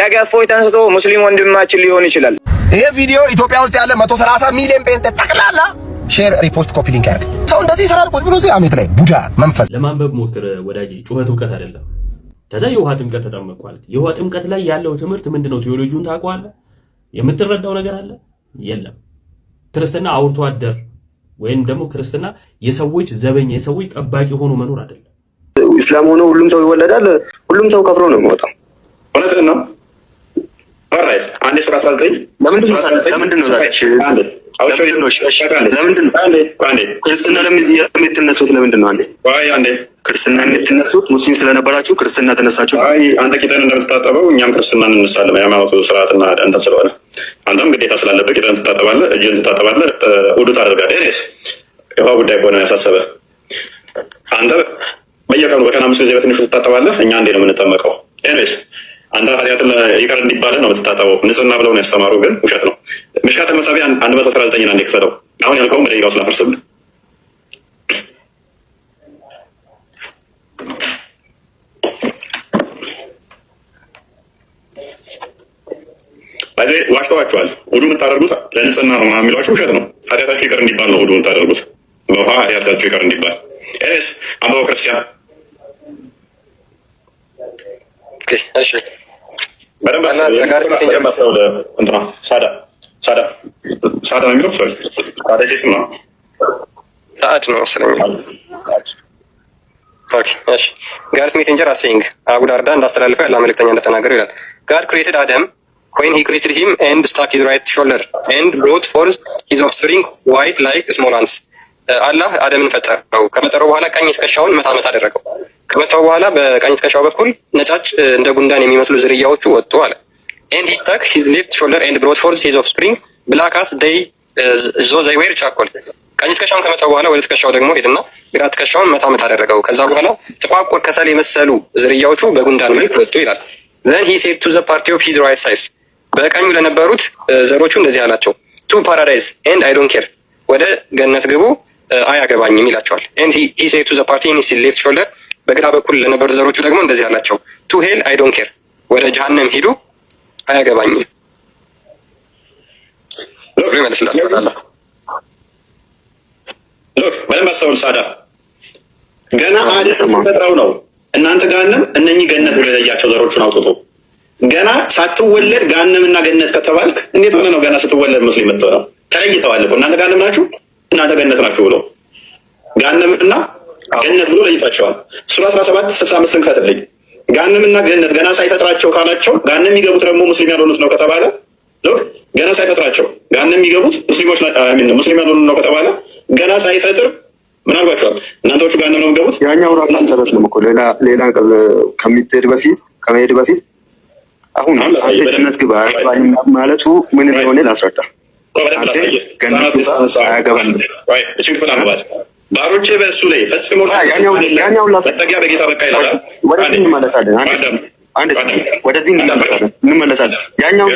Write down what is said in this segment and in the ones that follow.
ነገ እፎይ ተንስቶ ሙስሊም ወንድማችን ሊሆን ይችላል። ይሄ ቪዲዮ ኢትዮጵያ ውስጥ ያለ 130 ሚሊዮን ጴንጤ ጠቅላላ ሼር፣ ሪፖስት፣ ኮፒ ሊንክ ያርግ። ሰው እንደዚህ ይሰራል። ቁጭ ብሎ እዚህ አሜት ላይ ቡዳ መንፈስ ለማንበብ ሞክር ወዳጅ። ጩኸት እውቀት አይደለም። ከዛ የውሃ ጥምቀት ተጠመቋል። የውሃ ጥምቀት ላይ ያለው ትምህርት ምንድነው? ቴዎሎጂውን ታውቀዋለህ? የምትረዳው ነገር አለ የለም። ክርስትና አውርቶ አደር ወይም ደግሞ ክርስትና የሰዎች ዘበኛ የሰዎች ጠባቂ ሆኖ መኖር አይደለም። እስላም ሆኖ ሁሉም ሰው ይወለዳል፣ ሁሉም ሰው ከፍሎ ነው የሚወጣው። እውነት ነው። ኦራይት አንድ ስራ ሳልጠኝ ለምንድን ነው ለምንድን ነው ክርስትና የምትነሱት ሙስሊም ስለነበራችሁ ክርስትና ተነሳችሁ። አንተ ቂጠን እንደምትታጠበው እኛም ክርስትና እንነሳለን። የሃይማኖቱ ስርዓትና እንትን ስለሆነ አንተም ግዴታ ስላለበት ቂጠን ትታጠባለህ፣ እጅን ትታጠባለህ፣ ውዱ ታደርጋለህ። እኔስ የውሃ ጉዳይ ከሆነ ያሳሰበ አንተ በየቀኑ በቀን አምስት ጊዜ በትንሹ ትታጠባለህ። እኛ እንዴ ነው የምንጠመቀው? ኤኒዌይስ አንተ ኃጢአት ይቅር እንዲባልህ ነው የምትታጠበው ንጽህና ብለውን ያስተማሩ፣ ግን ውሸት ነው። ምሽካተ መሳቢ አንድ መቶ አስራ ዘጠኝ አንዴ ክፈተው። አሁን ያልከውም በደቂቃው ስላፈርስብህ ዋሽተዋቸዋል። ውዱ የምታደርጉት ለንጽህና ነው የሚሏችሁ ውሸት ነው። ኃጢአታችሁ ይቅር እንዲባል ነው ውዱ የምታደርጉት በውሃ ኃጢአታችሁ ይቅር እንዲባል ኤስ አንበበ ክርስቲያን እሺ በደንብ ወደ እንትና ሳዳ ሳዳ ሳዳ ነው የሚለው ሳዳ ሴስም ነው ሰዓት ነው መሰለኝ። እሺ ጋድስ ሜሴንጀር አሴይንግ አቡዳርዳ እንዳስተላልፈው ያለ መልእክተኛ እንደተናገረው ይላል። ጋድ ክሬትድ አደም ኮይን ሂ ክሬትድ ሂም ኤንድ ስታክ ሂዝ ራይት ሾልደር ኤንድ ብሮት ፎርዝ ሂዝ ኦፍስፕሪንግ ዋይት ላይክ ስሞል አንትስ አላህ አደምን ፈጠረው። ከፈጠረው በኋላ ቀኝ ትከሻውን መታ መታ አደረገው። ከመታው በኋላ በቀኝ ትከሻው በኩል ነጫጭ እንደ ጉንዳን የሚመስሉ ዝርያዎቹ ወጡ አለ። ኤንድ ሂ ስታክ ሂዝ ሌፍት ሾልደር ኤንድ ብሮት ፎርዝ ሂዝ ኦፍስፕሪንግ ብላክ አስ ዘይ ዞ ዘይ ዌር ቻኮል። ቀኝ ትከሻውን ከመታው በኋላ ወደ ትከሻው ደግሞ ሄድና ግራ ትከሻውን መታ መታ አደረገው። ከዛ በኋላ ጥቋቁር ከሰል የመሰሉ ዝርያዎቹ በጉንዳን መልክ ወጡ ይላል። ዘን ሂ ሴድ ቱ ዘ ፓርቲ ኦፍ ሂዝ ራይት ሳይስ በቀኙ ለነበሩት ዘሮቹ እንደዚህ አላቸው ቱ ፓራዳይዝ ኤንድ አይ ዶንት ኬር ወደ ገነት ግቡ አያገባኝም ይላቸዋል። ሂ ሴይ ቱ ዘ ፓርቲ ኢን ሌፍት ሾልደር። በግራ በኩል ለነበሩ ዘሮቹ ደግሞ እንደዚህ አላቸው። ቱ ሄል አይ ዶንት ኬር፣ ወደ ጀሃነም ሂዱ አያገባኝም ብሎ ይመልስላቸዋል። በደንብ አስተውል ሳዳ። ገና አለ ሲፈጥረው ነው እናንተ ጋንም እነኚህ ገነት ብሎ የለያቸው ዘሮቹን አውጥቶ ገና ሳትወለድ ጋንም እና ገነት ከተባልክ እንዴት ሆነ ነው? ገና ስትወለድ መስሎ የመጣው ነው። ተለይተዋል እኮ እናንተ ጋንም ናችሁ እናንተ ገነት ናችሁ ብሎ ጋነምና ገነት ብሎ ለይቷቸዋል። ሱራ 17 65 ስልሳ አምስትን ጋነምና ገነት ገና ሳይፈጥራቸው ካላቸው ጋነም የሚገቡት ደግሞ ሙስሊም ያልሆኑት ነው ከተባለ ገና ሳይፈጥራቸው ጋነም የሚገቡት ሙስሊሞች ሙስሊም ያልሆኑት ነው ከተባለ ገና ሳይፈጥር ምን አልባቸዋል? እናንተዎቹ ጋነም ነው የሚገቡት። ያኛው ራሱ አልጨረስንም እኮ ሌላ ሌላ ከሚትሄድ በፊት ከመሄድ በፊት አሁን አንተ ገነት ግባ ማለቱ ምን እንደሆነ ላስረዳ ባሮቼ በእሱ ላይ ፈጽሞ መጠጊያ በጌታ በቃ ይላል። ወደዚህ እንመለሳለን፣ ያኛው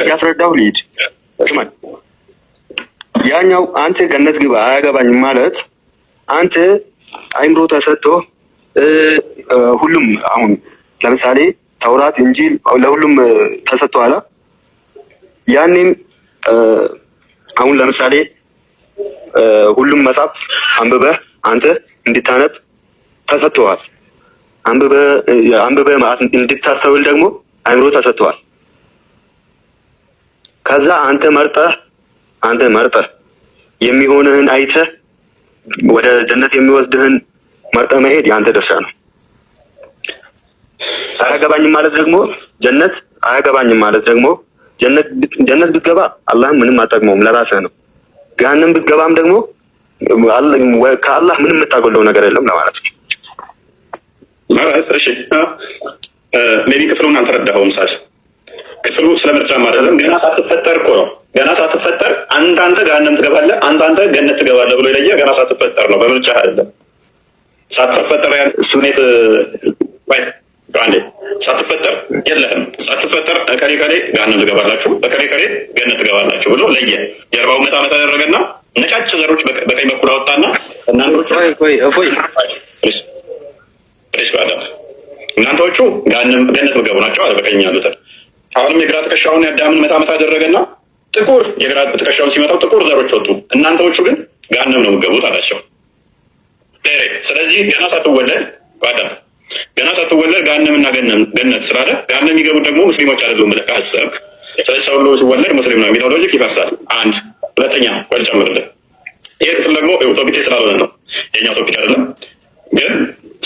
ስማኝ፣ ያኛው አንተ ገነት ግባ አያገባኝም ማለት አንተ አይምሮ ተሰጥቶ ሁሉም አሁን ለምሳሌ ተውራት፣ እንጂል ለሁሉም ተሰጥቶ አላ ያኔም አሁን ለምሳሌ ሁሉም መጽሐፍ አንብበህ አንተ እንድታነብ ተሰጥተዋል። አንብበህ እንድታስተውል ደግሞ አይምሮ ተሰጥተዋል። ከዛ አንተ መርጠህ አንተ መርጠህ የሚሆንህን አይተህ ወደ ጀነት የሚወስድህን መርጠህ መሄድ የአንተ ድርሻ ነው። አያገባኝም ማለት ደግሞ ጀነት አያገባኝም ማለት ደግሞ ጀነት ብትገባ አላህ ምንም አጠቅመውም፣ ለራስህ ነው። ገሃነም ብትገባም ደግሞ ከአላህ ምንም የምታጎለው ነገር የለም ለማለት ነው። እሺ ሜቢ ክፍሉን አልተረዳኸውም። ሳል ክፍሉ ስለ ምርጫም አይደለም። ገና ሳትፈጠር እኮ ነው። ገና ሳትፈጠር አንተ አንተ ገሃነም ትገባለህ፣ ገነት ትገባለህ ብሎ የለየህ ገና ሳትፈጠር ነው። በምርጫ አይደለም። ሳትፈጠር ያ ሳትፈጠር የለህም፣ ሳትፈጠር ከሌ ከሌ ገሃነም ትገባላችሁ፣ በከሌ ከሌ ገነት ትገባላችሁ ብሎ ለየ። የአርባው መት ዓመት አደረገና ነጫጭ ዘሮች በቀኝ በኩል አወጣና እናንቶቹ እናንተዎቹ ገነት ምገቡ ናቸው አለ በቀኝ ያሉት። አሁንም የግራ ትከሻውን የአዳምን መት ዓመት አደረገና ጥቁር የግራ ትከሻውን ሲመጣው ጥቁር ዘሮች ወጡ። እናንተዎቹ ግን ገሃነም ነው ምገቡት አላቸው። ስለዚህ ገና ሳትወለድ በአዳም ገና ሳትወለድ ገሃነምና ገነት ስላለ ገሃነም የሚገቡት ደግሞ ሙስሊሞች አይደሉም ብለህ ካሰብክ፣ ስለዚህ ሰው ሁሉ ሲወለድ ሙስሊም ነው የሚለው ሎጂክ ይፈርሳል። አንድ ሁለተኛ ቆይ ጨምርልህ። ይህ ክፍል ደግሞ ቶፒኬ ስላልሆነ ነው የኛው ቶፒክ አይደለም፣ ግን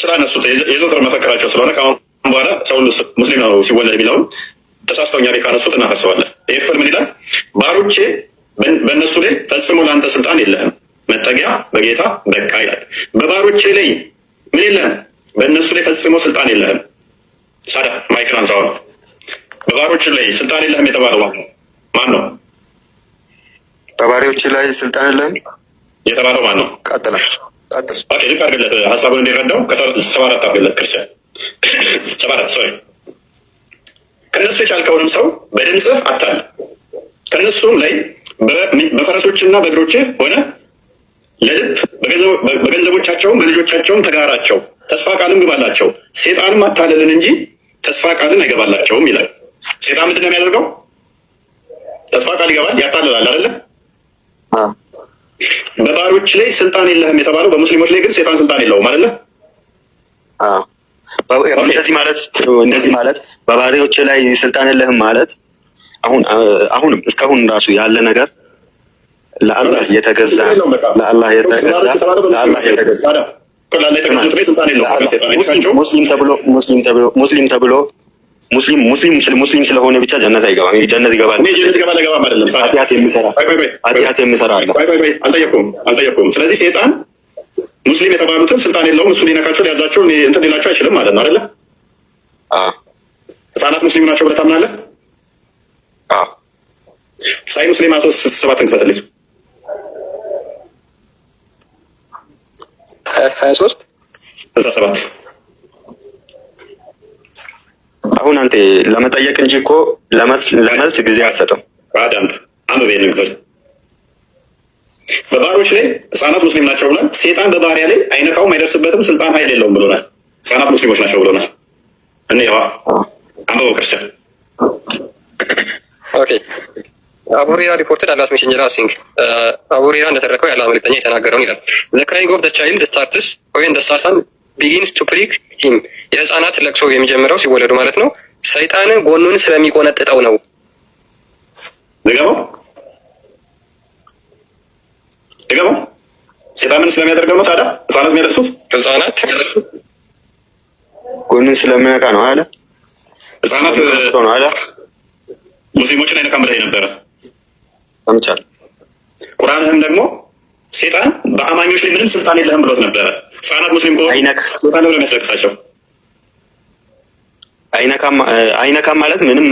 ስላነሱ የዘወትር መፈክራቸው ስለሆነ ከአሁን በኋላ ሰው ሁሉ ሙስሊም ነው ሲወለድ የሚለውን ተሳስተውኛ ቤት ካነሱት እናፈርሰዋለን። ይህ ክፍል ምን ይላል? ባሮቼ በእነሱ ላይ ፈጽሞ ለአንተ ስልጣን የለህም፣ መጠጊያ በጌታ በቃ ይላል። በባሮቼ ላይ ምን የለህም በእነሱ ላይ ፈጽሞ ስልጣን የለህም። ሳዳ ማይክን አንሳውን በባሮች ላይ ስልጣን የለህም የተባለው ማን ነው? በባሪዎች ላይ ስልጣን የለህም የተባለው ማን ነው? ቀጥላ ቀጥል ልክ አድርገለት ሀሳቡን እንዲረዳው ሰባ አራት አድርገለት ክርስቲያን ሰባ አራት ሶሪ ከእነሱ የቻልከውንም ሰው በድምፅህ አታል ከእነሱም ላይ በፈረሶችና በእግሮችህ ሆነ ለልብ በገንዘቦቻቸውም በልጆቻቸውም ተጋራቸው። ተስፋ ቃልም ግባላቸው ሴጣንም አታለልን እንጂ ተስፋ ቃልን አይገባላቸውም ይላል። ሴጣን ምንድን ነው የሚያደርገው? ተስፋ ቃል ይገባል፣ ያታልላል አይደለ? በባሮች ላይ ስልጣን የለህም የተባለው በሙስሊሞች ላይ ግን ሴጣን ስልጣን የለውም አይደለ? እንደዚህ ማለት እንደዚህ ማለት በባሪዎች ላይ ስልጣን የለህም ማለት አሁን አሁንም እስካሁን ራሱ ያለ ነገር ለአላህ የተገዛ ለአላህ የተገዛ ለአላህ የተገዛ ሙስሊም ተብሎ ሙስሊም ሙስሊም ሙስሊም ስለሆነ ብቻ ጀነት አይገባም። ጀነት ይገባል። ኃጢአት የሚሰራ ኃጢአት የሚሰራ አለ። አልጠየኩም አልጠየኩም። ስለዚህ ሴጣን ሙስሊም የተባሉትን ስልጣን የለውም። እሱ ሊነካቸው ሊያዛቸው እንትን ሊላቸው አይችልም ማለት ነው አይደለ? ህጻናት ሙስሊም ናቸው ብለህ ታምናለህ? ሳይ ሙስሊም አስራ ሰባት እንክፈትልኝ ሀያ ሶስት ስልሳ ሰባት አሁን አንተ ለመጠየቅ እንጂ እኮ ለመልስ ጊዜ አልሰጥም። አንተ አንብብ ይህንን በባሮች ላይ ህጻናት ሙስሊም ናቸው ብሏል። ሴጣን በባሪያ ላይ አይነካውም፣ አይደርስበትም፣ ስልጣን ኃይል የለውም ብሎናል። ህጻናት ሙስሊሞች ናቸው ብሎናል። እኔ ዋ አንበበው ክርስቲያን ኦኬ አቡሬራ ሪፖርትድ አላስ ሜሴንጀር ሲንግ አቡሬራ እንደተረከው ያለ መልእክተኛ የተናገረውን ይላል። ዘ ክራይንግ ኦፍ ዘ ቻይልድ ስታርትስ ወይን ዘ ሳታን ቢጊንስ ቱ ፕሪክ ሂም የህፃናት ለቅሶ የሚጀምረው ሲወለዱ ማለት ነው። ሰይጣን ጎኑን ስለሚቆነጥጠው ነው። ድገመው ድገመው። ሰይጣን ስለሚያደርገው ነው ታዲያ? ህፃናት የሚያለቅሱት ህፃናት ጎኑን ስለሚነካ ነው አለ። ህፃናት ሙስሊሞችን አይነካም ብለህ ነበረ አምጫለሁ። ቁርአንህም ደግሞ ሴጣን በአማኞች ላይ ምንም ስልጣን የለህም ብሎት ነበረ። ህጻናት ሙስሊም ከሆኑ ስልጣን ብሎ የሚያስለቅሳቸው አይነካ ማለት ምንም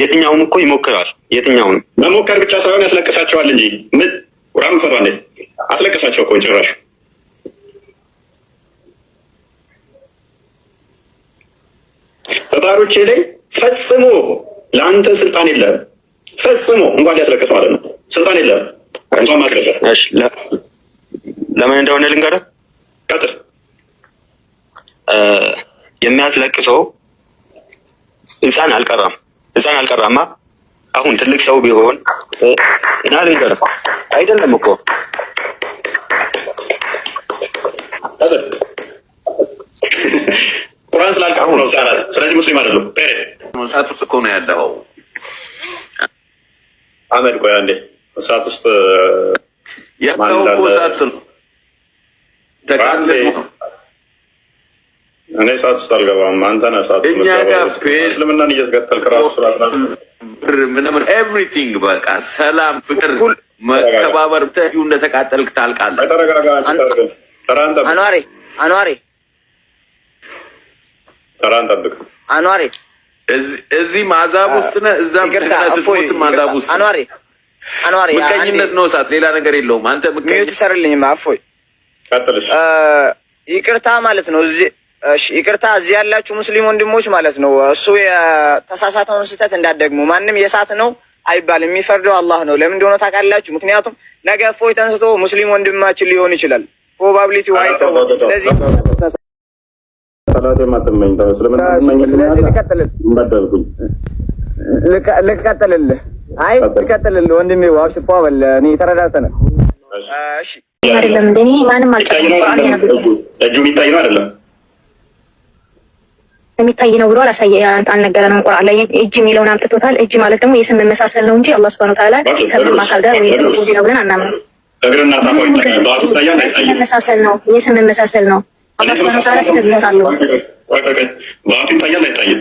የትኛውም እኮ ይሞክራል። የትኛውም መሞከር ብቻ ሳይሆን ያስለቅሳቸዋል እንጂ ምን ቁርአን ፈቷል አስለቅሳቸው እኮ ጭራሽ በባሮቼ ላይ ፈጽሞ ለአንተ ስልጣን የለህም። ፈጽሞ እንኳን ሊያስለቅስ ማለት ነው ስልጣን የለም። ለምን እንደሆነ ልንገርህ። ቀጥል። የሚያስለቅሰው ህፃን አልቀራም፣ ህፃን አልቀራማ። አሁን ትልቅ ሰው ቢሆን እና ልንገርህ አይደለም እኮ ቁርአን ስላልቀሩ ነው ህፃናት። ስለዚህ ሙስሊም አይደሉም። ሬ ሳት ውስጥ እኮ ነው ያለው አመድ ቆያ እንዴ እሳት ውስጥ እሳት ነው። እኔ እሳት ውስጥ አልገባም። አንተ ነህ እሳት እስልምናን እየተከተልክ ራሱ ስራት ምናምን ኤቭሪቲንግ በቃ ሰላም፣ ፍቅር፣ መከባበር ተዩ እንደተቃጠልክ ታልቃለህ። አኗሪ አኗሪ ተራን ጠብቅ አኗሪ እዚህ ማዛብ ውስጥ ነህ፣ እዛም ማዛብ ውስጥ አኗሪ ምቀኝነት ነው እሳት፣ ሌላ ነገር የለውም። አንተ ምቀኝነት ሰርልኝ አፎይ ይቅርታ ማለት ነው። እዚህ ይቅርታ እዚህ ያላችሁ ሙስሊም ወንድሞች ማለት ነው። እሱ የተሳሳተውን ስህተት እንዳደግሙ ማንም የእሳት ነው አይባል፣ የሚፈርደው አላህ ነው። ለምን እንደሆነ ታውቃላችሁ? ምክንያቱም ነገ እፎይ ተንስቶ ሙስሊም ወንድማችን ሊሆን ይችላል። ፕሮባብሊቲ ነው። ስለዚህ ልቀጥልልህ አይ ትቀጥል ወንድሜ፣ ዋብሽፖ በል እኔ ተረዳተነ። እጁ የሚታይ ነው አይደለም የሚታይ ነው ብሏል። አሳየ አልነገረንም። ቁርአን ላይ እጅ የሚለውን አምጥቶታል። እጅ ማለት ደግሞ የስም መመሳሰል ነው እንጂ አላህ ሱብሃነሁ ወተዓላ ከምንም አካል ጋር ወይ ነው ብለን አናምንም። የስም መመሳሰል ነው። አላህ ሱብሃነሁ ወተዓላ ሲከዝታል ባቱ ይታያል አይታይም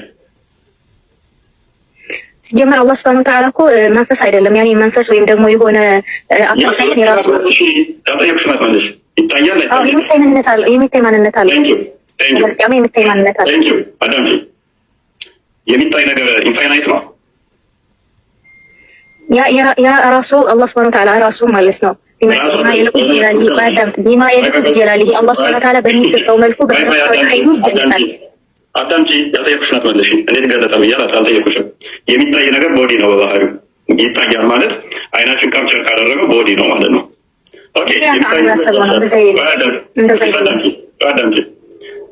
ሲጀመር አላህ ሱብሃነሁ ወተዓላ እኮ መንፈስ አይደለም። ያኔ መንፈስ ወይም ደግሞ የሆነ አካል የራሱ የሚታይ ማንነት አለው። የሚታይ ማንነት አለው። የሚታይ ነገር ኢንፋይናይት ነው። ያ ያ ራሱ አላህ ሱብሃነሁ ወተዓላ ራሱ ማለት ነው። ቢማ ይላል ይባዛም ቢማ የልቁት ይላል ይሄ አላህ ሱብሃነሁ ወተዓላ በሚገባው መልኩ በተፈጠረው ኃይሉ ይገለጣል። አዳምጪ ያልጠየኩሽን አትመልሽኝ። እንዴት ገለጠ ብያለሁ አልጠየኩሽም። የሚታይ ነገር ቦዲ ነው በባህሪ ይታያል ማለት አይናችን ካፕቸር ካደረገው ቦዲ ነው ማለት ነው። ኦኬ አዳምጪ።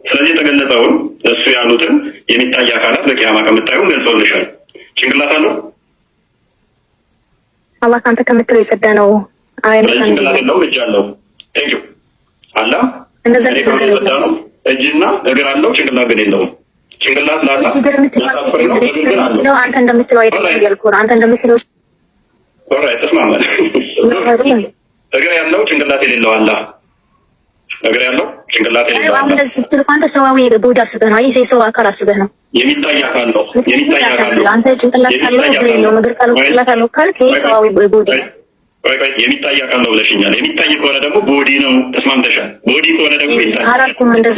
ስለዚህ የተገለጸውን እሱ ያሉትን የሚታይ አካላት በቂያማ ከምታዩ ገልጸውልሻል። ጭንቅላት አለው አላህ ከአንተ ከምትለው የጸዳ ነው። ጭንቅላት የለውም እጅ አለው አላ ነው እጅና እግር አለው፣ ጭንቅላት ግን የለውም። ጭንቅላት ላላ ያሳፍር ነው፣ እግር ግን አለው። አንተ እንደምትለው አንተ እንደምትለው ተስማማል። እግር ያለው ጭንቅላት የሌለው አላ እግር ያለው ጭንቅላት የሌለው አለ። አሁን ስትል እኮ አንተ ሰዋዊ ቦዲ አስበህ ነው፣ ሰው አካል አስበህ ነው። የሚታይ አካል ነው፣ የሚታይ አካል ነው። አንተ ጭንቅላት ካለው እግር የለውም፣ እግር ካለው ጭንቅላት አለው ካልክ ይሄ ሰዋዊ ቦዲ ቆይ ቆይ የሚታይ አካል ነው ብለሽኛል። የሚታይ ከሆነ ደግሞ ቦዲ ነው ተስማምተሻል። ቦዲ ከሆነ ደግሞ ይታይ እሱን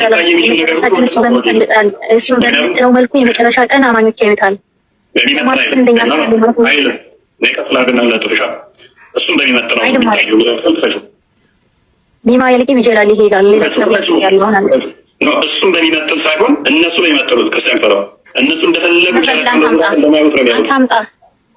ሳይሆን እነሱ ክርስቲያን እነሱ እንደፈለጉ ነው የሚያሉት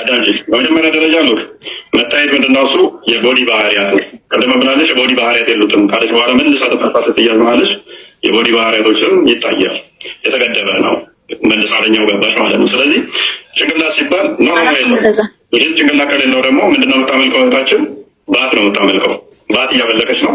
አዳንጅ በመጀመሪያ ደረጃ ሉክ መታየት ምንድነው? እሱ የቦዲ ባህሪያት ነው። ቅድም ብላለች የቦዲ ባህሪያት የሉትም ካለች በኋላ መልሳ ተጠርፋ ስትያዝ ማለች የቦዲ ባህሪያቶችም ይታያል። የተገደበ ነው። መልስ አለኛው ገባች ማለት ነው። ስለዚህ ጭንቅላት ሲባል ነው ይህ ጭንቅላት ከሌለው ደግሞ ምንድነው የምታመልከው? እህታችን ባት ነው የምታመልከው። ባት እያመለከች ነው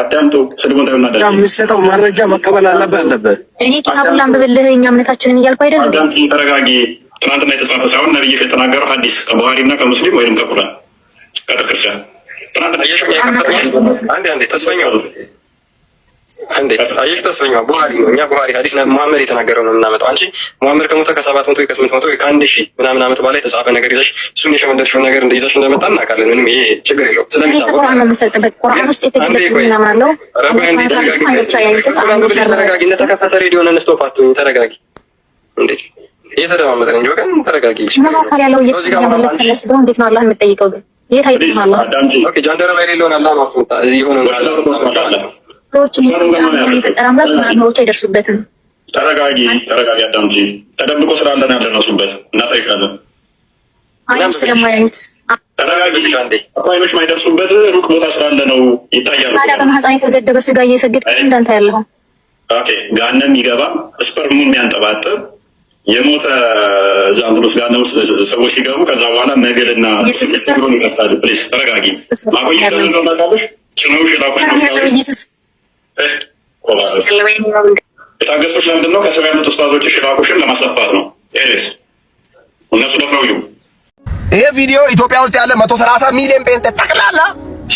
አዳምጦ ስድቡን ተና የሚሰጠው መረጃ መቀበል አለበት አለበት። እኔ ኪታቡን አንብብልህ እኛ እምነታችንን እያልኩ አይደለም። አዳምጥ፣ ተረጋጊ። ትናንትና የተጻፈ ሳይሆን ነብይ የተናገረው ሐዲስ ከቡሃሪ እና ከሙስሊም ወይንም ከቁርአን ከቤተክርስቲያን ትናንትና እንዴ አየሽ፣ ተስፈኛ ቡሃሪ ነው። እኛ ቡሃሪ ሐዲስ ሙሐመድ የተናገረው ነው የምናመጣው። አንቺ ሙሐመድ ከሞተ ከሰባት መቶ ከስምንት መቶ ከአንድ ሺ ምናምን ዓመት በኋላ የተጻፈ ነገር ይዘሽ እሱን የሸመደርሽውን ነገር እንደይዘሽ እንደመጣ እናውቃለን። ምንም ይሄ ችግር የለውም። ስለሚታወቅ ቁርአን ሬዲዮ ነን። ተረጋጊ። እንዴት እየተደማመጥን እንጂ ወገን፣ ተረጋጊ። ምን ያለው ኢየሱስ እያመለከን እንዴት ነው አላህ የምጠይቀው? ግን የት አይተናል? ጃንደረባ የሌለውን አላህ ማፍሩታ ይሆነው ሮችን የፈጠረ አምላክ ሮች ተረጋጊ አዳምጪ። ተደብቆ ስላለ ነው ያልደረሱበት። እናሳይሻለን። አይም ስለማያዩት ተረጋጊ። እኮ አይኖች ማይደርሱበት ሩቅ ቦታ ስላለ ነው ይታያሉ። ታዲያ በማህፀን የተገደበ ስጋ እየሰገድክ እንዳንተ ያለሁ ኦኬ፣ ጋነም ይገባ ስፐርሙን የሚያንጠባጥብ የሞተ እዛ ምሩስ ጋር ነው ሰዎች ሲገቡ፣ ከዛ በኋላ መገልና ሲግሩን ይቀጣል። ፕሊስ ተረጋጊ። ማቆየት ለምን ነው ታውቃለሽ? ጭኖሽ የላኩሽ ነው ኮባስ የታገሱች ለምንድን ነው? ከሰብ ያሉት ኡስታዞች ሽራቁሽን ለማስለፋት ነው። ኤሪስ እነሱ ደፍረው ይሁ ይሄ ቪዲዮ ኢትዮጵያ ውስጥ ያለ 130 ሚሊዮን ጴንጤ ጠቅላላ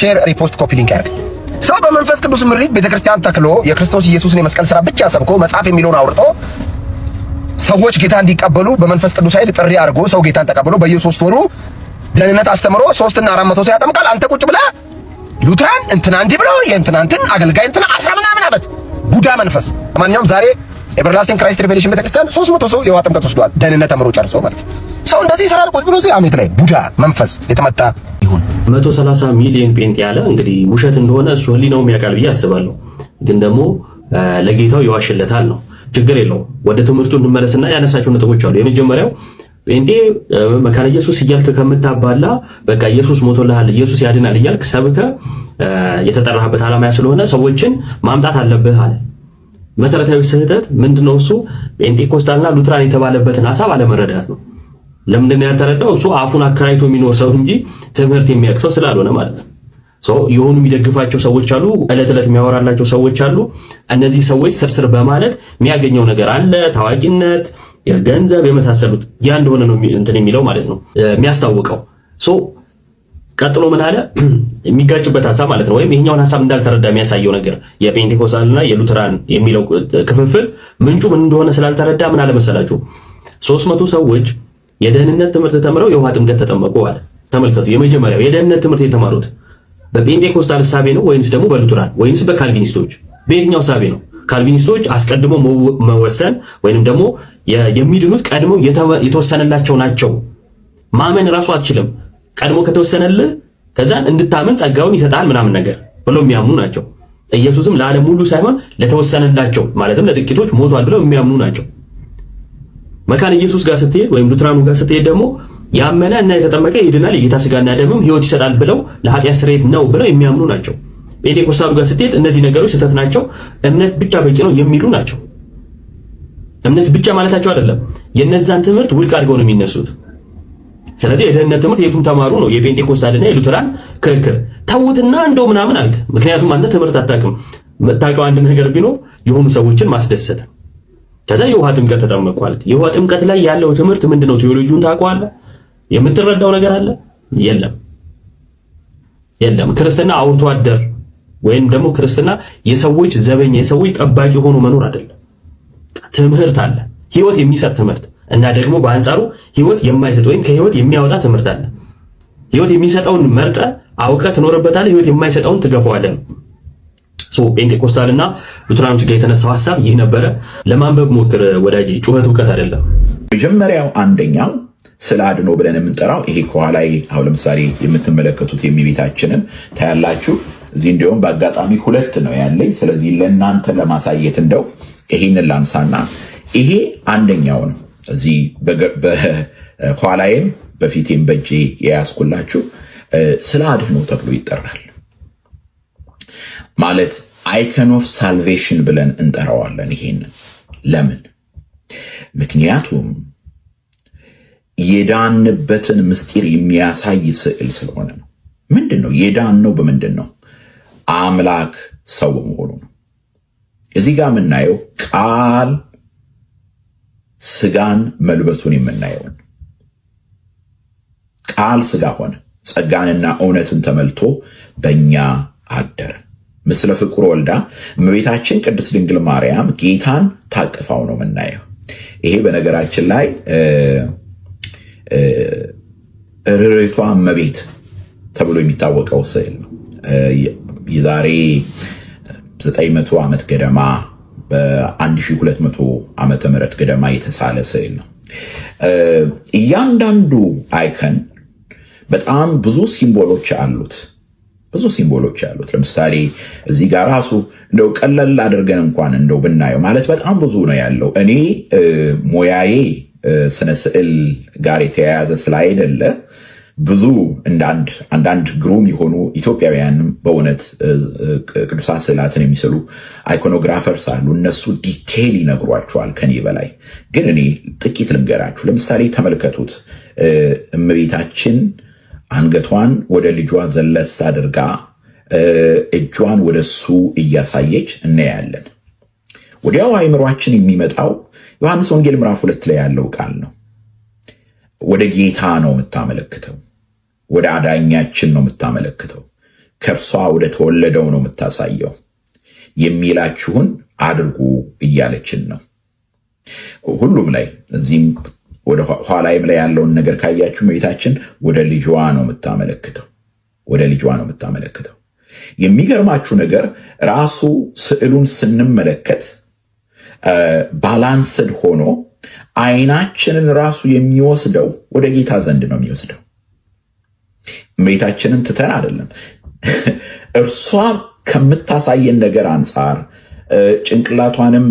ሼር፣ ሪፖስት፣ ኮፒ ሊንክ ያድርግ። ሰው በመንፈስ ቅዱስ ምሪት ቤተክርስቲያን ተክሎ የክርስቶስ ኢየሱስን የመስቀል ስራ ብቻ ሰብኮ መጽሐፍ የሚለውን አውርጦ ሰዎች ጌታ እንዲቀበሉ በመንፈስ ቅዱስ ኃይል ጥሪ አድርጎ ሰው ጌታን ተቀብሎ በየሶስት ወሩ ደህንነት አስተምሮ ሶስትና አራት መቶ ሰው ያጠምቃል። አንተ ቁጭ ብለህ ሉተራን እንትና እንዲህ ብሎ የእንትና እንትን አገልጋይ እንትና አስራ ምናምን ዓመት ቡዳ መንፈስ። ማንኛውም ዛሬ ኤቨርላስቲንግ ክራይስት ሪቬሌሽን ቤተክርስቲያን 300 ሰው የውሃ ጥምቀት ወስዷል። ደህንነት ተምሮ ጨርሶ ማለት ነው። ሰው እንደዚህ ይሰራል። ቁጭ ብሎ እዚህ አሜት ላይ ቡዳ መንፈስ የተመጣ ይሁን። 130 ሚሊዮን ጴንጤ ያለ እንግዲህ ውሸት እንደሆነ እሱ ህሊናውም ያውቃል ብዬ አስባለሁ። ግን ደግሞ ለጌታው ይዋሽለታል ነው ችግር የለውም። ወደ ትምህርቱ እንመለስና ያነሳቸው ነጥቦች አሉ። የመጀመሪያው ጴንጤ መካነ ኢየሱስ እያልክ ከምታባላ በቃ ኢየሱስ ሞቶልሃል፣ ኢየሱስ ያድናል እያልክ ሰብከ የተጠራህበት ዓላማ ስለሆነ ሰዎችን ማምጣት አለብህ አለ። መሰረታዊ ስህተት ምንድነው? እሱ ጴንጤኮስታልና ሉትራን የተባለበትን ሀሳብ አለመረዳት ነው። ለምንድነው ያልተረዳው? እሱ አፉን አከራይቶ የሚኖር ሰው እንጂ ትምህርት የሚያውቅ ሰው ስላልሆነ ማለት ነው። የሆኑ የሚደግፋቸው ሰዎች አሉ፣ እለት የሚያወራላቸው ሰዎች አሉ። እነዚህ ሰዎች ስርስር በማለት የሚያገኘው ነገር አለ ታዋቂነት ገንዘብ የመሳሰሉት ያ እንደሆነ ነው እንትን የሚለው ማለት ነው የሚያስታውቀው። ሶ ቀጥሎ ምን አለ የሚጋጭበት ሀሳብ ማለት ነው ወይም ይሄኛውን ሀሳብ እንዳልተረዳ የሚያሳየው ነገር እና የሉትራን የሚለው ክፍፍል ምንጩ ምን እንደሆነ ስላልተረዳ ምን አለ መሰላችሁ ሶስት መቶ ሰዎች የደህንነት ትምህርት ተምረው የውሃ ጥምቀት ተጠመቁ አለ። ተመልከቱ፣ የመጀመሪያው የደህንነት ትምህርት የተማሩት በፔንቴኮስታል እሳቤ ነው ወይንስ ደግሞ በሉትራን ወይንስ በካልቪኒስቶች በየትኛው እሳቤ ነው? ካልቪኒስቶች አስቀድሞ መወሰን ወይንም ደግሞ የሚድኑት ቀድሞ የተወሰነላቸው ናቸው። ማመን እራሱ አትችልም። ቀድሞ ከተወሰነልህ ከዛን እንድታምን ጸጋውን ይሰጣል ምናምን ነገር ብሎ የሚያምኑ ናቸው። ኢየሱስም ለዓለም ሁሉ ሳይሆን ለተወሰነላቸው ማለትም ለጥቂቶች ሞቷል ብለው የሚያምኑ ናቸው። መካን ኢየሱስ ጋር ስትሄድ ወይም ሉትራኑ ጋር ስትሄድ ደግሞ ያመነ እና የተጠመቀ ይድናል፣ የጌታ ስጋና ደምም ሕይወት ይሰጣል ብለው ለኃጢአት ስርየት ነው ብለው የሚያምኑ ናቸው። ጴንቴኮስታሉ ጋር ስትሄድ እነዚህ ነገሮች ስህተት ናቸው፣ እምነት ብቻ በቂ ነው የሚሉ ናቸው። እምነት ብቻ ማለታቸው አይደለም፣ የነዛን ትምህርት ውድቅ አድርገው ነው የሚነሱት። ስለዚህ የደህንነት ትምህርት የቱን ተማሩ ነው የጴንጤኮስታልና የሉተራን ክርክር። ተውትና እንደው ምናምን አልክ፣ ምክንያቱም አንተ ትምህርት አታውቅም። የምታውቀው አንድ ነገር ቢኖር የሆኑ ሰዎችን ማስደሰት። ከዛ የውሃ ጥምቀት ተጠመቁ አልክ። የውሃ ጥምቀት ላይ ያለው ትምህርት ምንድነው? ቴዎሎጂውን ታውቀዋለህ? የምትረዳው ነገር አለ? የለም የለም። ክርስትና አውርቶ አደር ወይም ደግሞ ክርስትና የሰዎች ዘበኛ የሰዎች ጠባቂ ሆኖ መኖር አይደለም። ትምህርት አለ፣ ህይወት የሚሰጥ ትምህርት እና ደግሞ በአንጻሩ ህይወት የማይሰጥ ወይም ከህይወት የሚያወጣ ትምህርት አለ። ህይወት የሚሰጠውን መርጠ አውቀ ትኖርበታለህ፣ ህይወት የማይሰጠውን ትገፈዋለህ። ጴንጤኮስታልና ሉትራኖች ጋር የተነሳው ሀሳብ ይህ ነበረ። ለማንበብ ሞክር ወዳጅ፣ ጩኸት እውቀት አይደለም። መጀመሪያው አንደኛው ስለ አድኖ ብለን የምንጠራው ይሄ ከኋላ አሁን ለምሳሌ የምትመለከቱት የሚቤታችንን ታያላችሁ። እዚህ እንዲሁም በአጋጣሚ ሁለት ነው ያለኝ። ስለዚህ ለእናንተ ለማሳየት እንደው ይሄንን ላንሳና ይሄ አንደኛው ነው። እዚህ በኋላዬም በፊቴም በእጄ የያዝኩላችሁ ስለ አድህኖ ተብሎ ይጠራል። ማለት አይከን ኦፍ ሳልቬሽን ብለን እንጠራዋለን። ይሄን ለምን? ምክንያቱም የዳንበትን ምስጢር የሚያሳይ ስዕል ስለሆነ ነው። ምንድን ነው የዳን ነው? በምንድን ነው አምላክ ሰው በመሆኑ ነው። እዚህ ጋር የምናየው ቃል ስጋን መልበሱን የምናየውን ቃል ስጋ ሆነ፣ ጸጋንና እውነትን ተመልቶ በእኛ አደረ። ምስለ ፍቁር ወልዳ እመቤታችን ቅድስት ድንግል ማርያም ጌታን ታቅፋው ነው የምናየው። ይሄ በነገራችን ላይ ርሬቷ እመቤት ተብሎ የሚታወቀው ስዕል ነው። የዛሬ 900 ዓመት ገደማ በ1200 ዓመተ ምህረት ገደማ የተሳለ ስዕል ነው። እያንዳንዱ አይከን በጣም ብዙ ሲምቦሎች አሉት። ብዙ ሲምቦሎች አሉት። ለምሳሌ እዚህ ጋር ራሱ እንደው ቀለል አድርገን እንኳን እንደው ብናየው ማለት በጣም ብዙ ነው ያለው። እኔ ሙያዬ ስነ ስዕል ጋር የተያያዘ ስለ አይደለ ብዙ እንዳንድ አንዳንድ ግሩም የሆኑ ኢትዮጵያውያንም በእውነት ቅዱሳት ስዕላትን የሚስሉ አይኮኖግራፈርስ አሉ። እነሱ ዲቴይል ይነግሯቸዋል ከኔ በላይ። ግን እኔ ጥቂት ልንገራችሁ። ለምሳሌ ተመልከቱት። እመቤታችን አንገቷን ወደ ልጇ ዘለስ አድርጋ እጇን ወደ እሱ እያሳየች እናያለን። ወዲያው አይምሯችን የሚመጣው ዮሐንስ ወንጌል ምዕራፍ ሁለት ላይ ያለው ቃል ነው። ወደ ጌታ ነው የምታመለክተው፣ ወደ አዳኛችን ነው የምታመለክተው፣ ከእርሷ ወደ ተወለደው ነው የምታሳየው። የሚላችሁን አድርጉ እያለችን ነው ሁሉም ላይ እዚህም ወደ ኋላይም ላይ ያለውን ነገር ካያችሁ ቤታችን ወደ ልጇ ነው የምታመለክተው፣ ወደ ልጇ ነው የምታመለክተው። የሚገርማችሁ ነገር ራሱ ስዕሉን ስንመለከት ባላንስድ ሆኖ አይናችንን ራሱ የሚወስደው ወደ ጌታ ዘንድ ነው የሚወስደው። እመቤታችንን ትተን አይደለም። እርሷ ከምታሳየን ነገር አንጻር ጭንቅላቷንም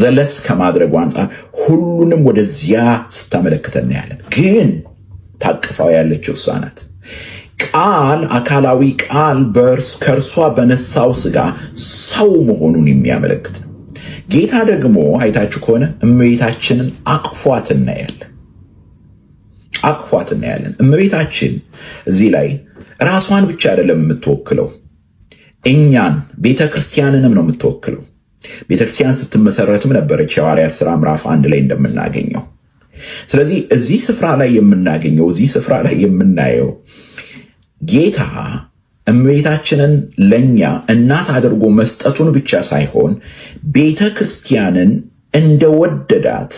ዘለስ ከማድረጉ አንጻር ሁሉንም ወደዚያ ስታመለክተን ያለን ግን ታቅፋው ያለችው እርሷ ናት። ቃል አካላዊ ቃል ከእርሷ በነሳው ስጋ ሰው መሆኑን የሚያመለክት ነው። ጌታ ደግሞ አይታችሁ ከሆነ እመቤታችንን አቅፏት እናያለን። አቅፏት እናያለን። እመቤታችን እዚህ ላይ ራሷን ብቻ አይደለም የምትወክለው፣ እኛን ቤተ ክርስቲያንንም ነው የምትወክለው። ቤተ ክርስቲያን ስትመሰረትም ነበረች የሐዋርያት ሥራ ምዕራፍ አንድ ላይ እንደምናገኘው። ስለዚህ እዚህ ስፍራ ላይ የምናገኘው እዚህ ስፍራ ላይ የምናየው ጌታ እመቤታችንን ለእኛ እናት አድርጎ መስጠቱን ብቻ ሳይሆን ቤተ ክርስቲያንን እንደወደዳት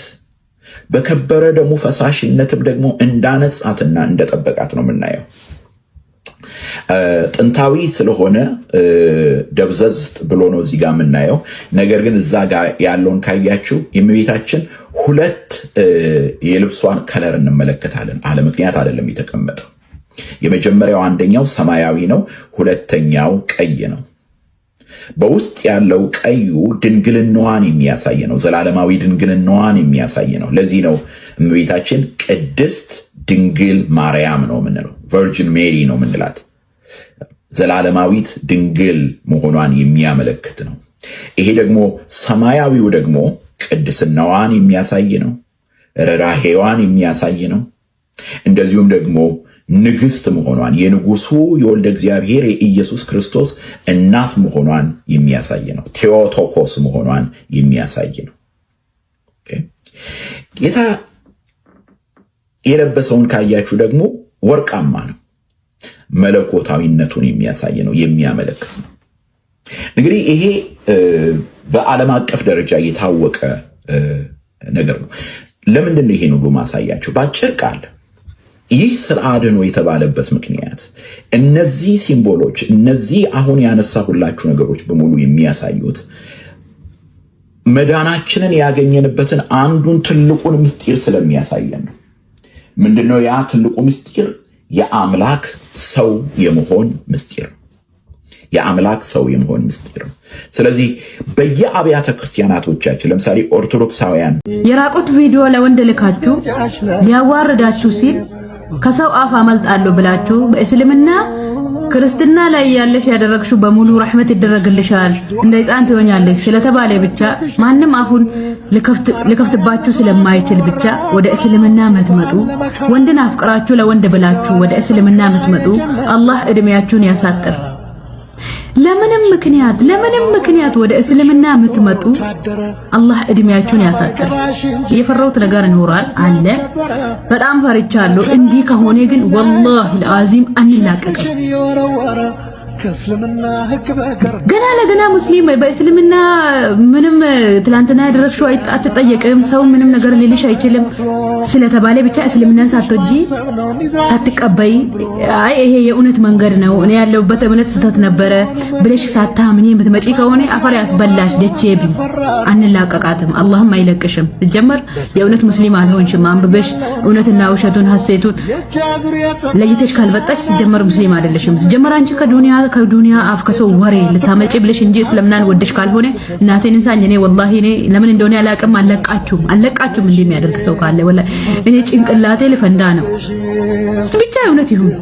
በከበረ ደግሞ ፈሳሽነትም ደግሞ እንዳነጻትና እንደጠበቃት ነው የምናየው። ጥንታዊ ስለሆነ ደብዘዝ ብሎ ነው እዚህ ጋር የምናየው። ነገር ግን እዛ ጋር ያለውን ካያችሁ የእመቤታችን ሁለት የልብሷን ከለር እንመለከታለን። አለ ምክንያት አይደለም የተቀመጠው። የመጀመሪያው አንደኛው ሰማያዊ ነው፣ ሁለተኛው ቀይ ነው። በውስጥ ያለው ቀዩ ድንግልናዋን የሚያሳይ ነው። ዘላለማዊ ድንግልናዋን የሚያሳይ ነው። ለዚህ ነው እመቤታችን ቅድስት ድንግል ማርያም ነው የምንለው። ቨርጅን ሜሪ ነው የምንላት። ዘላለማዊት ድንግል መሆኗን የሚያመለክት ነው። ይሄ ደግሞ ሰማያዊው ደግሞ ቅድስናዋን የሚያሳይ ነው። ረራሄዋን የሚያሳይ ነው። እንደዚሁም ደግሞ ንግሥት መሆኗን የንጉሱ የወልደ እግዚአብሔር የኢየሱስ ክርስቶስ እናት መሆኗን የሚያሳይ ነው። ቴዎቶኮስ መሆኗን የሚያሳይ ነው። ጌታ የለበሰውን ካያችሁ ደግሞ ወርቃማ ነው። መለኮታዊነቱን የሚያሳይ ነው፣ የሚያመለክት ነው። እንግዲህ ይሄ በዓለም አቀፍ ደረጃ የታወቀ ነገር ነው። ለምንድን ነው ይሄን ሁሉ ማሳያቸው? በአጭር ቃል ይህ ስለ አድኖ የተባለበት ምክንያት እነዚህ ሲምቦሎች እነዚህ አሁን ያነሳሁላችሁ ነገሮች በሙሉ የሚያሳዩት መዳናችንን ያገኘንበትን አንዱን ትልቁን ምስጢር ስለሚያሳየን ነው። ምንድነው ያ ትልቁ ምስጢር? የአምላክ ሰው የመሆን ምስጢር የአምላክ ሰው የመሆን ምስጢር ነው። ስለዚህ በየአብያተ ክርስቲያናቶቻችን ለምሳሌ ኦርቶዶክሳውያን የራቁት ቪዲዮ ለወንድ ልካችሁ ሊያዋርዳችሁ ሲል ከሰው አፍ አመልጣለሁ ብላችሁ በእስልምና ክርስትና ላይ ያለሽ ያደረግሽው በሙሉ ረህመት ይደረግልሻል፣ እንደ ህፃን ትሆኛለሽ ስለተባለ ብቻ ማንም አፉን ልከፍትባችሁ ስለማይችል ብቻ ወደ እስልምና መትመጡ፣ ወንድን አፍቅራችሁ ለወንድ ብላችሁ ወደ እስልምና መትመጡ፣ አላህ እድሜያችሁን ያሳጥር። ለምንም ምክንያት ለምንም ምክንያት ወደ እስልምና የምትመጡ አላህ እድሜያችሁን ያሳጥር። የፈራሁት ነገር ይኖራል አለ። በጣም ፈርቻለሁ። እንዲህ ከሆነ ግን ወላሂ ለአዚም አንላቀቅም። ገና ለገና ሙስሊም በእስልምና ምንም ትላንትና ያደረግሽው አትጠየቅም። ሰው ምንም ነገር ሊልሽ አይችልም ስለተባለ ብቻ እስልምናን ሳትወጂ ሳትቀበይ፣ አይ ይሄ የእውነት መንገድ ነው እኔ ያለሁበት እምነት ስህተት ነበረ ብለሽ ሳታምኚ የምትመጪ ከሆነ አፈር ያስበላሽ። ደቼቢ አንላቀቃትም፣ አላህም አይለቅሽም። ሲጀመር የእውነት ሙስሊም አልሆንሽም። አንብበሽ እውነትና ውሸቱን ሀሴቱን ለይተሽ ካልበጣሽ ሲጀመር ሙስሊም አይደለሽም። ሲጀመር አንቺ ከዱንያ ከዱንያ አፍከሰው ወሬ ልታመጪ ብለሽ እንጂ እስልምናን ወደሽ ካልሆነ እናቴን እንሳኝ። እኔ ወላሂ እኔ ለምን እንደሆነ አላውቅም አለቃችሁም አለቃችሁም እንዲህ የሚያደርግ ሰው ካለ ወላሂ እኔ ጭንቅላቴ ልፈንዳ ነው። ብቻ እውነት ይሁን።